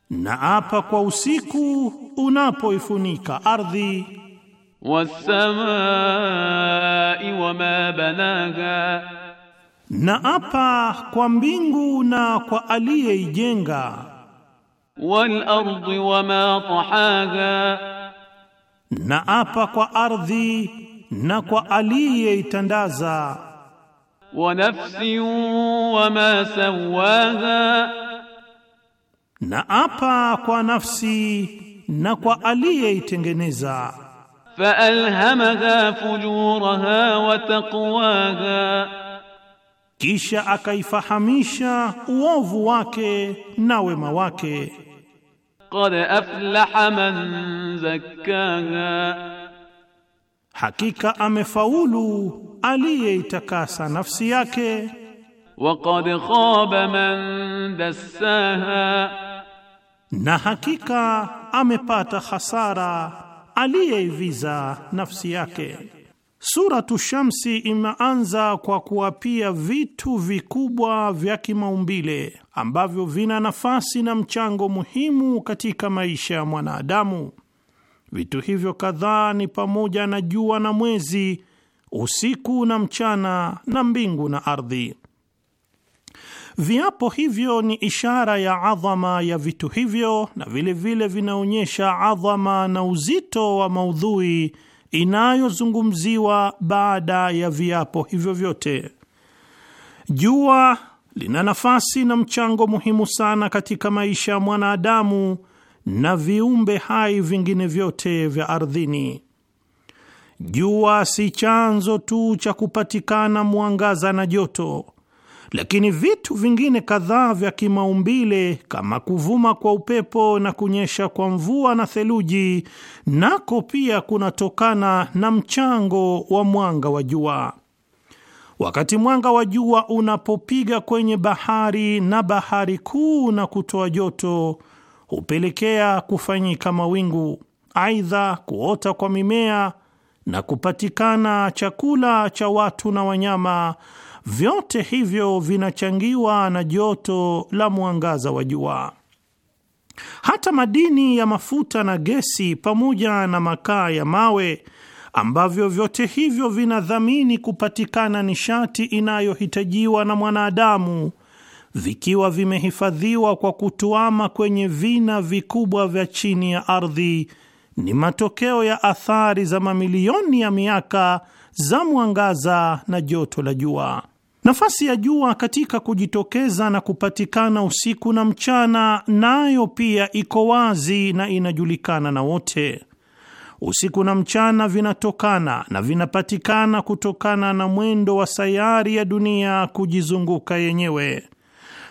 na apa kwa usiku unapoifunika ardhi,
wasamai wama banaha,
na apa kwa mbingu na kwa aliyeijenga,
wal ardi wama tahaha,
na apa kwa ardhi na kwa aliyeitandaza, wa nafsi wama sawaha na apa kwa nafsi na kwa aliyeitengeneza. alhamaha fujuraha wa taqwaha, kisha akaifahamisha uovu wake na wema wake.
Qad aflaha man zakkaha,
hakika amefaulu aliyeitakasa nafsi yake
waqad khaba man dassaha,
na hakika amepata hasara aliyeiviza nafsi yake. Suratu Shamsi imeanza kwa kuapia vitu vikubwa vya kimaumbile ambavyo vina nafasi na mchango muhimu katika maisha ya mwanadamu. Vitu hivyo kadhaa ni pamoja na jua na mwezi, usiku na mchana, na mbingu na ardhi. Viapo hivyo ni ishara ya adhama ya vitu hivyo na vilevile vile vinaonyesha adhama na uzito wa maudhui inayozungumziwa baada ya viapo hivyo vyote. Jua lina nafasi na mchango muhimu sana katika maisha ya mwanadamu na viumbe hai vingine vyote vya ardhini. Jua si chanzo tu cha kupatikana mwangaza na joto lakini vitu vingine kadhaa vya kimaumbile kama kuvuma kwa upepo na kunyesha kwa mvua na theluji nako pia kunatokana na mchango wa mwanga wa jua. Wakati mwanga wa jua unapopiga kwenye bahari na bahari kuu na kutoa joto, hupelekea kufanyika mawingu, aidha kuota kwa mimea na kupatikana chakula cha watu na wanyama vyote hivyo vinachangiwa na joto la mwangaza wa jua. Hata madini ya mafuta na gesi pamoja na makaa ya mawe ambavyo vyote hivyo vinadhamini kupatikana nishati inayohitajiwa na mwanadamu, vikiwa vimehifadhiwa kwa kutuama kwenye vina vikubwa vya chini ya ardhi, ni matokeo ya athari za mamilioni ya miaka za mwangaza na joto la jua. Nafasi ya jua katika kujitokeza na kupatikana usiku na mchana nayo na pia iko wazi na inajulikana na wote. Usiku na mchana vinatokana na vinapatikana kutokana na mwendo wa sayari ya dunia kujizunguka yenyewe.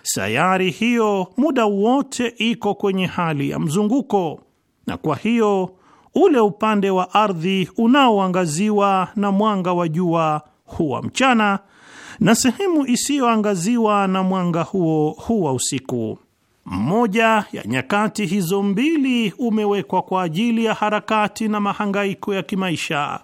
Sayari hiyo muda wote iko kwenye hali ya mzunguko, na kwa hiyo ule upande wa ardhi unaoangaziwa na mwanga wa jua huwa mchana na sehemu isiyoangaziwa na mwanga huo huwa usiku. Mmoja ya nyakati hizo mbili umewekwa kwa ajili ya harakati na mahangaiko ya kimaisha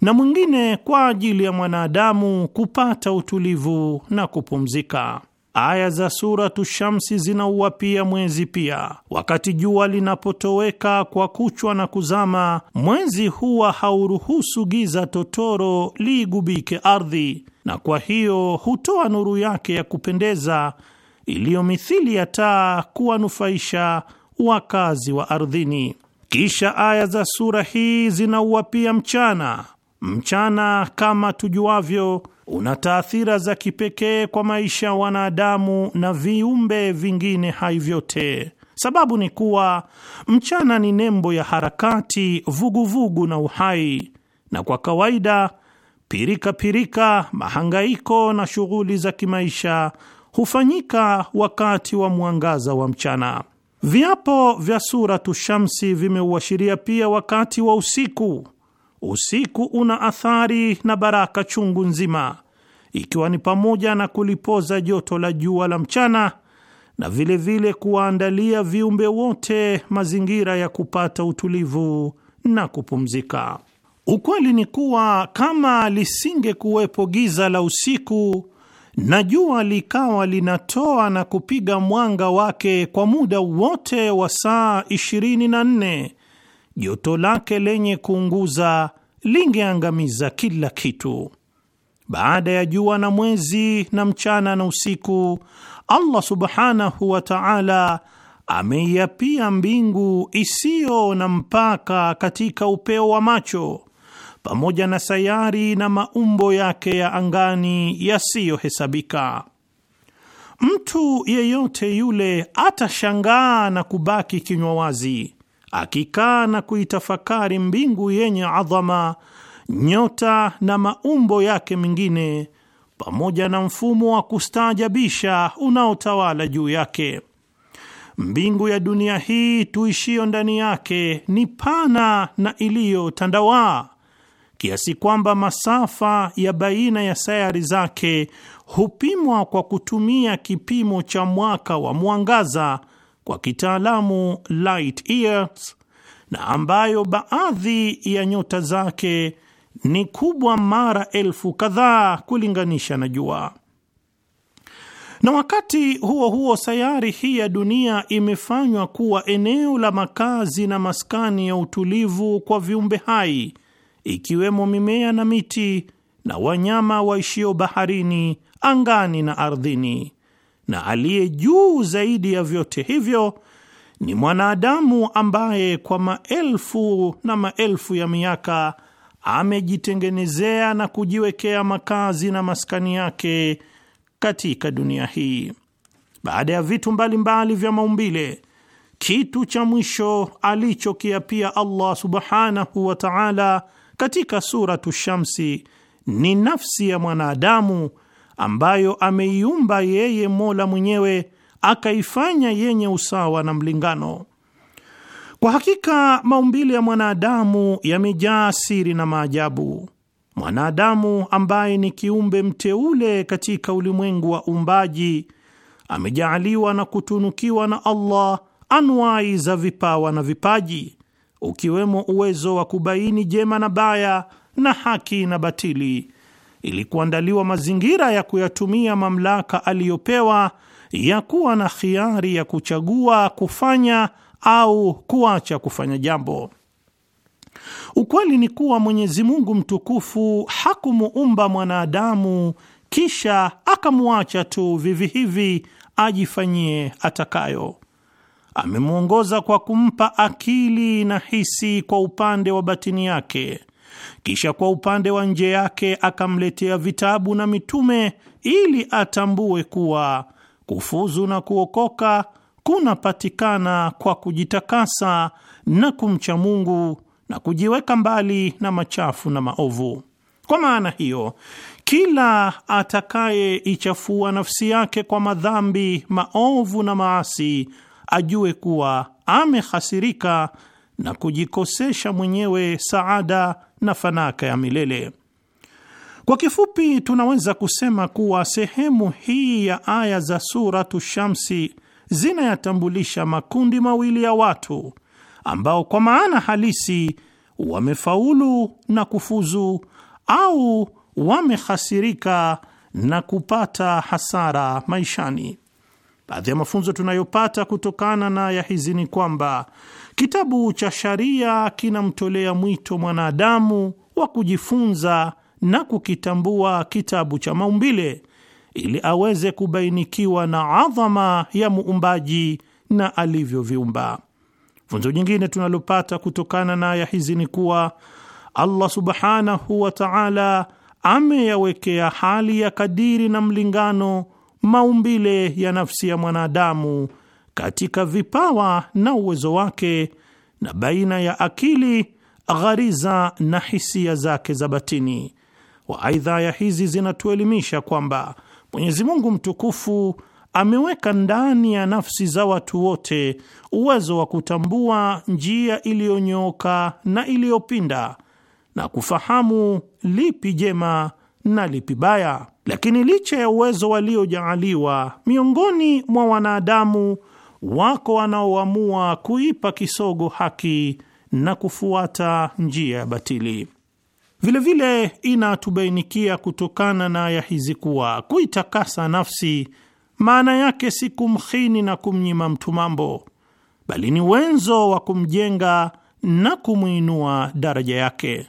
na mwingine kwa ajili ya mwanadamu kupata utulivu na kupumzika. Aya za Suratu Shamsi zinauapia mwezi pia. Wakati jua linapotoweka kwa kuchwa na kuzama, mwezi huwa hauruhusu giza totoro liigubike ardhi, na kwa hiyo hutoa nuru yake ya kupendeza iliyo mithili ya taa kuwanufaisha wakazi wa ardhini. Kisha aya za sura hii zinauapia mchana. Mchana kama tujuavyo una taathira za kipekee kwa maisha ya wanadamu na viumbe vingine hai vyote. Sababu ni kuwa mchana ni nembo ya harakati, vuguvugu vugu na uhai, na kwa kawaida pirikapirika pirika, mahangaiko na shughuli za kimaisha hufanyika wakati wa mwangaza wa mchana. Viapo vya Suratu Shamsi vimeuashiria pia wakati wa usiku Usiku una athari na baraka chungu nzima, ikiwa ni pamoja na kulipoza joto la jua la mchana na vilevile kuwaandalia viumbe wote mazingira ya kupata utulivu na kupumzika. Ukweli ni kuwa kama lisingekuwepo giza la usiku na jua likawa linatoa na kupiga mwanga wake kwa muda wote wa saa nne joto lake lenye kuunguza lingeangamiza kila kitu. Baada ya jua na mwezi na mchana na usiku, Allah subhanahu wa ta'ala ameiapia mbingu isiyo na mpaka katika upeo wa macho, pamoja na sayari na maumbo yake ya angani yasiyohesabika. Mtu yeyote yule atashangaa na kubaki kinywa wazi akikaa na kuitafakari mbingu yenye adhama, nyota na maumbo yake mengine, pamoja na mfumo wa kustaajabisha unaotawala juu yake. Mbingu ya dunia hii tuishio ndani yake ni pana na iliyotandawaa kiasi kwamba masafa ya baina ya sayari zake hupimwa kwa kutumia kipimo cha mwaka wa mwangaza kwa kitaalamu light years, na ambayo baadhi ya nyota zake ni kubwa mara elfu kadhaa kulinganisha na jua. Na wakati huo huo, sayari hii ya dunia imefanywa kuwa eneo la makazi na maskani ya utulivu kwa viumbe hai, ikiwemo mimea na miti na wanyama waishio baharini, angani na ardhini na aliye juu zaidi ya vyote hivyo ni mwanadamu ambaye kwa maelfu na maelfu ya miaka amejitengenezea na kujiwekea makazi na maskani yake katika dunia hii. Baada ya vitu mbalimbali mbali vya maumbile, kitu cha mwisho alichokiapia Allah subhanahu wa ta'ala katika Suratu Shamsi ni nafsi ya mwanadamu ambayo ameiumba yeye Mola mwenyewe akaifanya yenye usawa na mlingano. Kwa hakika maumbile ya mwanadamu yamejaa siri na maajabu. Mwanadamu ambaye ni kiumbe mteule katika ulimwengu wa uumbaji amejaaliwa na kutunukiwa na Allah anwai za vipawa na vipaji, ukiwemo uwezo wa kubaini jema na baya na haki na batili ili kuandaliwa mazingira ya kuyatumia mamlaka aliyopewa ya kuwa na khiari ya kuchagua kufanya au kuacha kufanya jambo. Ukweli ni kuwa Mwenyezi Mungu mtukufu hakumuumba mwanadamu kisha akamwacha tu vivi hivi ajifanyie atakayo. Amemwongoza kwa kumpa akili na hisi kwa upande wa batini yake kisha kwa upande wa nje yake akamletea vitabu na mitume ili atambue kuwa kufuzu na kuokoka kunapatikana kwa kujitakasa na kumcha Mungu na kujiweka mbali na machafu na maovu. Kwa maana hiyo, kila atakayeichafua nafsi yake kwa madhambi maovu na maasi, ajue kuwa amehasirika na kujikosesha mwenyewe saada na fanaka ya milele. Kwa kifupi, tunaweza kusema kuwa sehemu hii ya aya za Suratu Shamsi zinayatambulisha makundi mawili ya watu ambao kwa maana halisi wamefaulu na kufuzu au wamehasirika na kupata hasara maishani. Baadhi ya mafunzo tunayopata kutokana na aya hizi ni kwamba Kitabu cha sharia kinamtolea mwito mwanadamu wa kujifunza na kukitambua kitabu cha maumbile ili aweze kubainikiwa na adhama ya muumbaji na alivyoviumba. Funzo jingine tunalopata kutokana na aya hizi ni kuwa Allah subhanahu wa ta'ala ameyawekea hali ya kadiri na mlingano maumbile ya nafsi ya mwanadamu katika vipawa na uwezo wake na baina ya akili, ghariza na hisia zake za batini. aidha ya hizi zinatuelimisha kwamba Mwenyezi Mungu mtukufu ameweka ndani ya nafsi za watu wote uwezo wa kutambua njia iliyonyooka na iliyopinda na kufahamu lipi jema na lipi baya. Lakini licha ya uwezo waliojaaliwa, miongoni mwa wanadamu wako wanaoamua kuipa kisogo haki na kufuata njia ya batili. Vilevile inatubainikia kutokana na aya hizi kuwa kuitakasa nafsi maana yake si kumhini na kumnyima mtu mambo, bali ni wenzo wa kumjenga na kumwinua daraja yake.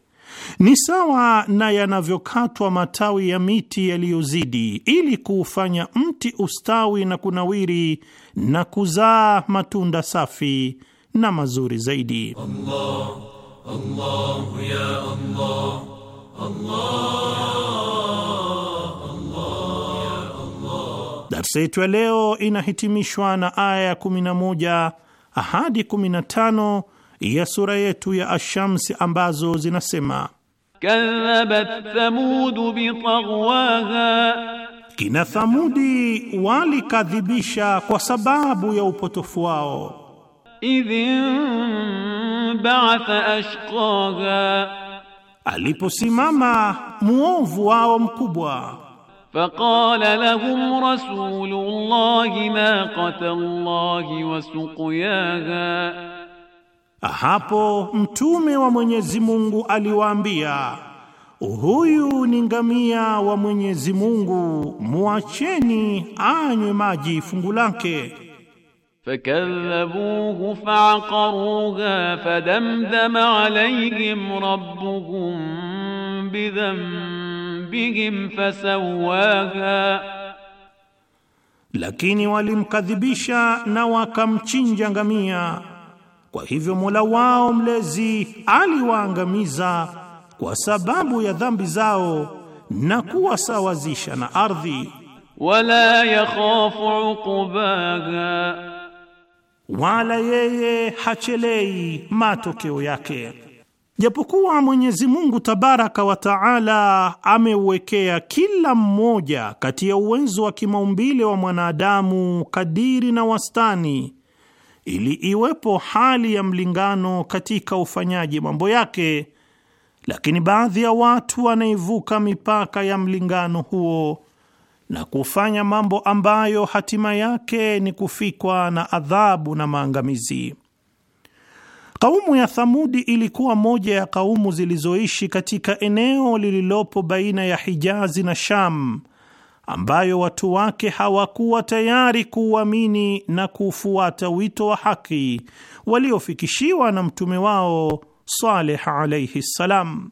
Ni sawa na yanavyokatwa matawi ya miti yaliyozidi ili kuufanya mti ustawi na kunawiri na kuzaa matunda safi na mazuri zaidi. Allah,
Allah, ya Allah, Allah,
Allah, ya Allah. Darsa yetu ya leo inahitimishwa na aya ya 11 hadi 15 ya sura yetu ya Ashamsi ambazo zinasema
kadhabat thamudu bitagwaha,
kina Thamudi walikadhibisha kwa sababu ya upotofu wao. Idhin ba'atha ashqaha, aliposimama muovu wao mkubwa. Faqala lahum
rasulullahi naqata Allahi wa suqyaha
hapo mtume wa Mwenyezi Mungu aliwaambia, huyu ni ngamia wa Mwenyezi Mungu, muacheni anywe maji fungu lake.
Fakadhabuhu faakaruha fadamdama alayhim rabbuhum bidhanbihim fasawaha,
lakini walimkadhibisha na wakamchinja ngamia kwa hivyo Mola wao mlezi aliwaangamiza kwa sababu ya dhambi zao na kuwasawazisha na ardhi. Wala yakhafu uqbaha, wala yeye hachelei matokeo yake. Japokuwa Mwenyezi Mungu Tabaraka wa Taala ameuwekea kila mmoja kati ya uwezo wa kimaumbile wa mwanadamu kadiri na wastani ili iwepo hali ya mlingano katika ufanyaji mambo yake, lakini baadhi ya watu wanaivuka mipaka ya mlingano huo na kufanya mambo ambayo hatima yake ni kufikwa na adhabu na maangamizi. Kaumu ya Thamudi ilikuwa moja ya kaumu zilizoishi katika eneo lililopo baina ya Hijazi na Sham ambayo watu wake hawakuwa tayari kuuamini na kuufuata wito wa haki waliofikishiwa na mtume wao Saleh alaihi ssalam.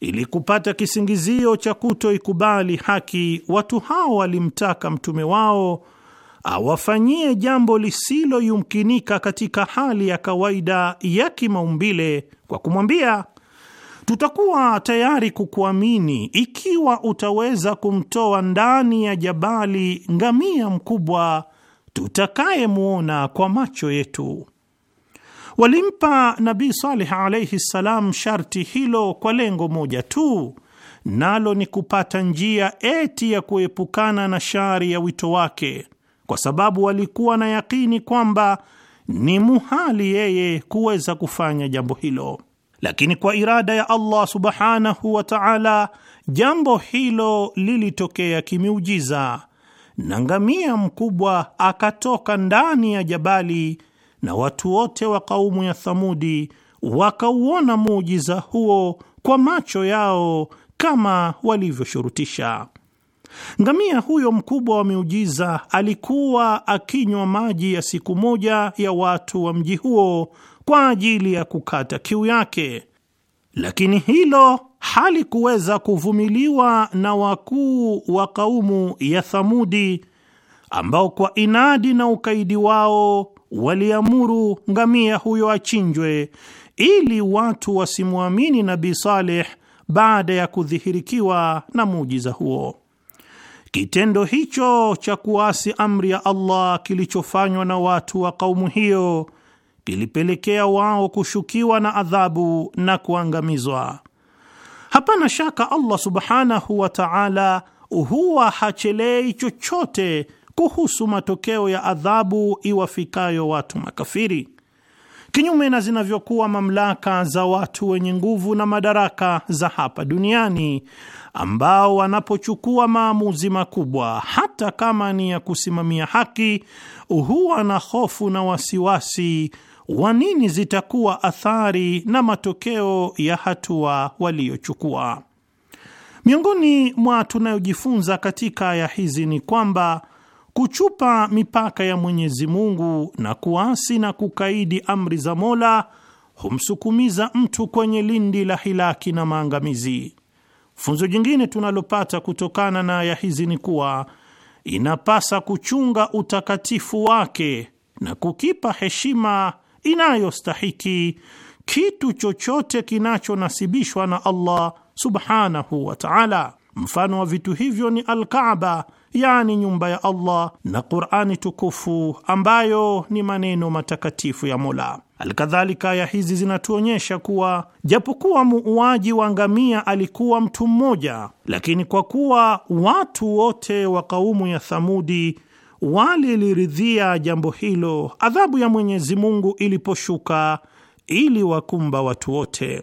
Ili kupata kisingizio cha kutoikubali haki, watu hao walimtaka mtume wao awafanyie jambo lisiloyumkinika katika hali ya kawaida ya kimaumbile kwa kumwambia tutakuwa tayari kukuamini ikiwa utaweza kumtoa ndani ya jabali ngamia mkubwa tutakayemwona kwa macho yetu. Walimpa Nabii Saleh alaihi ssalam sharti hilo kwa lengo moja tu, nalo ni kupata njia eti ya kuepukana na shari ya wito wake, kwa sababu walikuwa na yakini kwamba ni muhali yeye kuweza kufanya jambo hilo. Lakini kwa irada ya Allah subhanahu wa ta'ala, jambo hilo lilitokea kimiujiza, na ngamia mkubwa akatoka ndani ya jabali na watu wote wa kaumu ya Thamudi wakauona muujiza huo kwa macho yao kama walivyoshurutisha. Ngamia huyo mkubwa wa miujiza alikuwa akinywa maji ya siku moja ya watu wa mji huo kwa ajili ya kukata kiu yake, lakini hilo halikuweza kuvumiliwa na wakuu wa kaumu ya Thamudi ambao kwa inadi na ukaidi wao waliamuru ngamia huyo achinjwe ili watu wasimwamini Nabii Saleh baada ya kudhihirikiwa na muujiza huo. Kitendo hicho cha kuasi amri ya Allah kilichofanywa na watu wa kaumu hiyo kilipelekea wao kushukiwa na adhabu na kuangamizwa. Hapana shaka Allah subhanahu wa ta'ala huwa hachelei chochote kuhusu matokeo ya adhabu iwafikayo watu makafiri, kinyume na zinavyokuwa mamlaka za watu wenye nguvu na madaraka za hapa duniani, ambao wanapochukua maamuzi makubwa, hata kama ni ya kusimamia haki, huwa na hofu na wasiwasi nini zitakuwa athari na matokeo ya hatua waliyochukua. Miongoni mwa tunayojifunza katika aya hizi ni kwamba kuchupa mipaka ya Mwenyezi Mungu na kuasi na kukaidi amri za Mola humsukumiza mtu kwenye lindi la hilaki na maangamizi. Funzo jingine tunalopata kutokana na aya hizi ni kuwa inapasa kuchunga utakatifu wake na kukipa heshima inayostahiki kitu chochote kinachonasibishwa na Allah subhanahu wa ta'ala. Mfano wa vitu hivyo ni Al-Kaaba, yani nyumba ya Allah na Qur'ani tukufu ambayo ni maneno matakatifu ya Mola. Alkadhalika, aya hizi zinatuonyesha kuwa japokuwa muuaji wa ngamia alikuwa mtu mmoja, lakini kwa kuwa watu wote wa kaumu ya Thamudi waliliridhia jambo hilo adhabu ya Mwenyezi Mungu iliposhuka ili wakumba watu wote.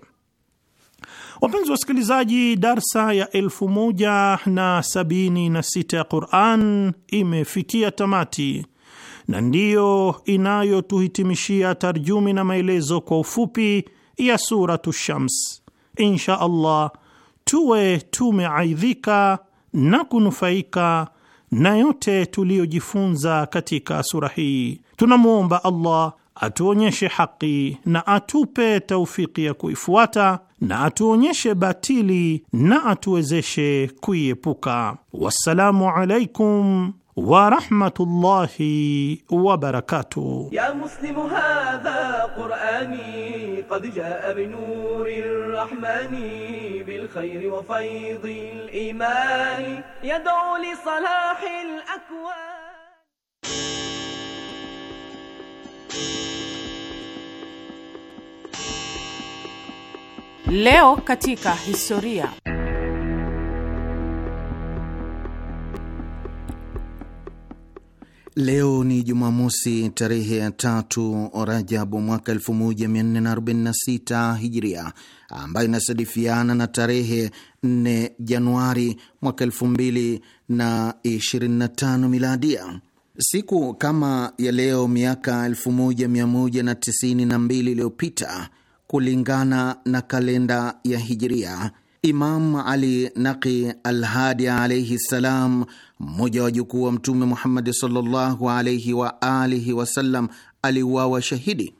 Wapenzi wasikilizaji, darsa ya elfu moja na sabini na sita ya Quran imefikia tamati na ndiyo inayotuhitimishia tarjumi na maelezo kwa ufupi ya Suratu Shams. Insha Allah tuwe tumeaidhika na kunufaika na yote tuliyojifunza katika sura hii, tunamwomba Allah atuonyeshe haki na atupe taufiki ya kuifuata na atuonyeshe batili na atuwezeshe kuiepuka. Wassalamu alaikum ورحمة الله وبركاته
يا مسلم هذا قرآني قد جاء بنور الرحمن بالخير وفيض الإيمان يدعو لصلاح الأكوان Leo katika historia.
Leo ni Jumamosi, tarehe ya tatu Rajabu mwaka 1446 Hijria, ambayo inasadifiana na tarehe 4 Januari mwaka 2025 Miladia. Siku kama ya leo miaka 1192 iliyopita kulingana na kalenda ya Hijria Imam Ali Naqi Alhadi alaihi ssalam, mmoja wa jukuu wa Mtume Muhammadi sallallahu alaihi wa alihi wasallam, aliuawa shahidi.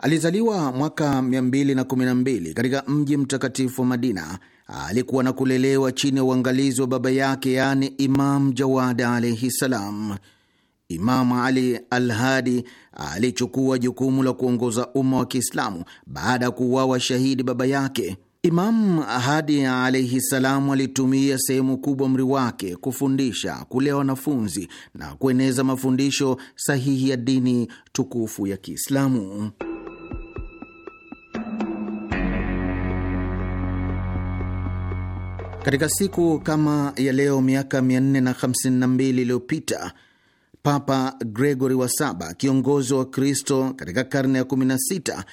Alizaliwa mwaka 212 katika mji mtakatifu wa Madina. Alikuwa na kulelewa chini ya uangalizi wa baba yake, yaani Imam Jawadi alaihi ssalam. Imam Ali Alhadi alichukua jukumu la kuongoza umma wa Kiislamu baada ya kuuawa shahidi baba yake imam Hadi alaihi salam alitumia sehemu kubwa umri wake kufundisha, kulea wanafunzi na kueneza mafundisho sahihi ya dini tukufu ya Kiislamu. Katika siku kama ya leo miaka 452 iliyopita Papa Gregory wa Saba, kiongozi wa Kristo katika karne ya 16,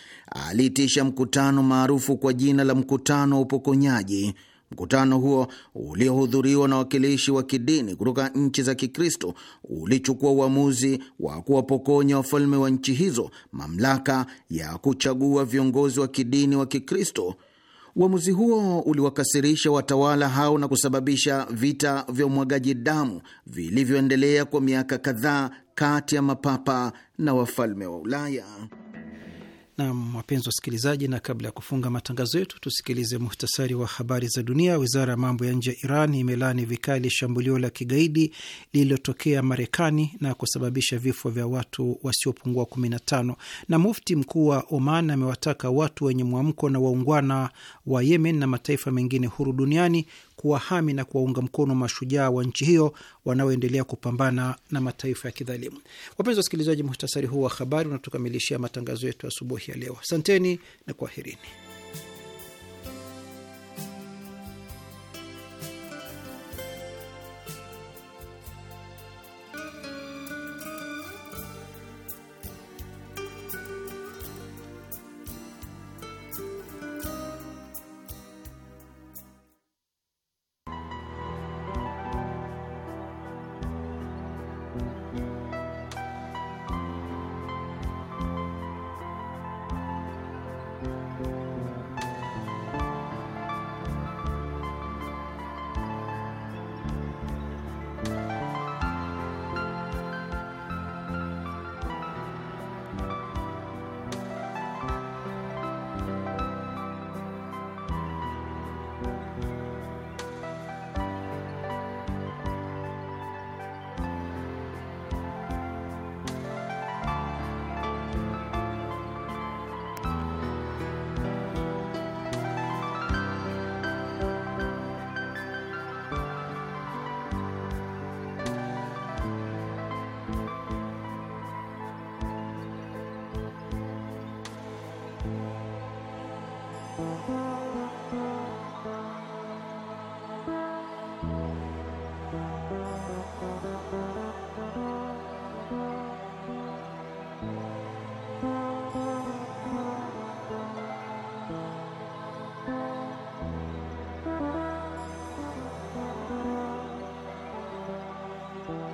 aliitisha mkutano maarufu kwa jina la mkutano wa upokonyaji. Mkutano huo uliohudhuriwa na wakilishi wa kidini kutoka nchi za Kikristo ulichukua uamuzi wa kuwapokonya wafalme wa nchi hizo mamlaka ya kuchagua viongozi wa kidini wa Kikristo Uamuzi huo uliwakasirisha watawala hao na kusababisha vita vya umwagaji damu vilivyoendelea kwa miaka kadhaa kati ya mapapa na wafalme wa Ulaya.
Nam, wapenzi wasikilizaji, na kabla ya kufunga matangazo yetu tusikilize muhtasari wa habari za dunia. Wizara ya mambo ya nje ya Iran imelaani vikali shambulio la kigaidi lililotokea Marekani na kusababisha vifo vya watu wasiopungua 15. Na mufti mkuu wa Oman amewataka watu wenye mwamko na waungwana wa Yemen na mataifa mengine huru duniani kuwahami na kuwaunga mkono mashujaa wa nchi hiyo wanaoendelea kupambana na mataifa ya kidhalimu. Wapenzi wasikilizaji, muhtasari huu wa habari unatukamilishia matangazo yetu asubuhi ya leo. Asanteni na kwaherini.